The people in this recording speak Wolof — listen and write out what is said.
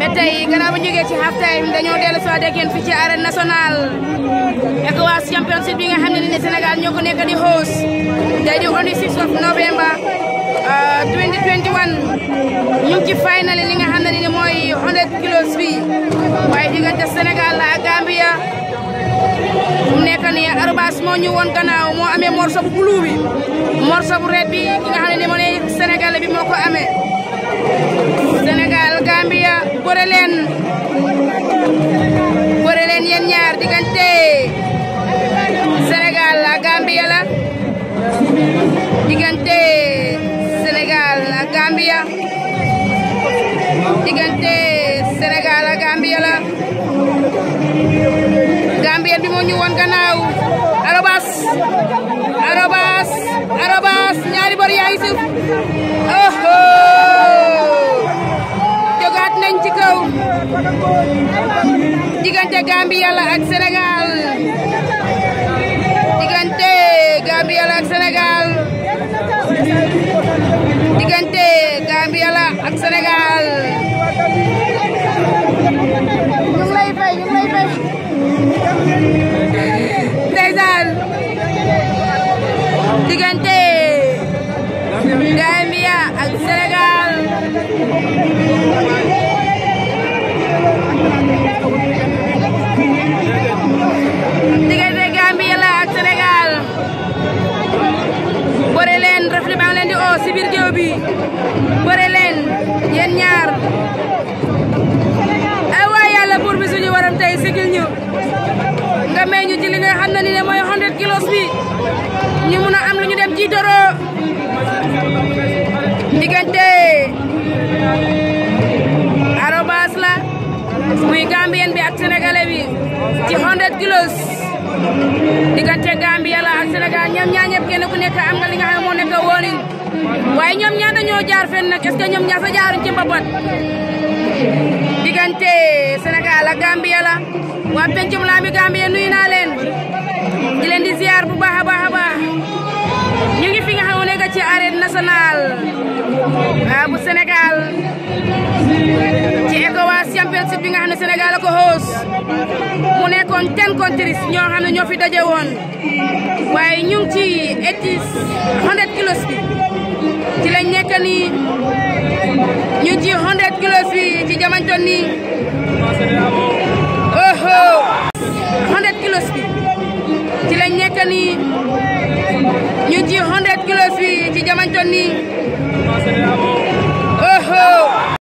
ba tey gannaaw bu ñu ci half dañoo dellu si waat ak ci arène nationale ECOWAS championship bi nga xam ne nii Sénégal ñoo ko nekk di host day di on the 6 of euh, ci final li nga xam ne nii mooy kilos bi waaye diggante nga xam ne nii moo ne bi moo ko amee. Diganti Sénégal ak Gambia diggante Sénégal ak Gambia la Gambia bi mo ñu won gannaaw arobas arobas arobas ñaari bor yaay suuf oho Jogat nañ ci kaw diggante Gambia la ak Sénégal ak Sénégal ñu ngi lay fay ñu ngi lay fay ndeysaan diggante ci bir géew bi bëre len yéen ñaar eh ay wa yalla buur bi suñu waram tay sigil ñu nga meñu ci li nga xamna ni ne 100 kilos bi ñu mëna am lu ñu dem doro digante arobas la muy gambien bi ak senegalais bi ci 100 kilos digante gambia la ak senegal ñam ñaa ñëpp kenn ku nekk jaar fenn nak est ce ñom ñoom sa jaar ci mbabot digante senegal la Gambia la wa pencum la mi Gambia nuy na len di len di ziar bu baaxa baaxa baax ñu ngi fi nga xamone ga ci arène nationale ah, bu senegal ci wa champions bi nga xamne senegal ko host mu nekkon ten countries ño xamne ño fi dajewon waye ñu ngi ci 100 kilos bi xamante ni kilos fii ci jamono nii oh oh 100 kilos bi ci lañ nekk nii ñu ji kilos fii ci jamono nii.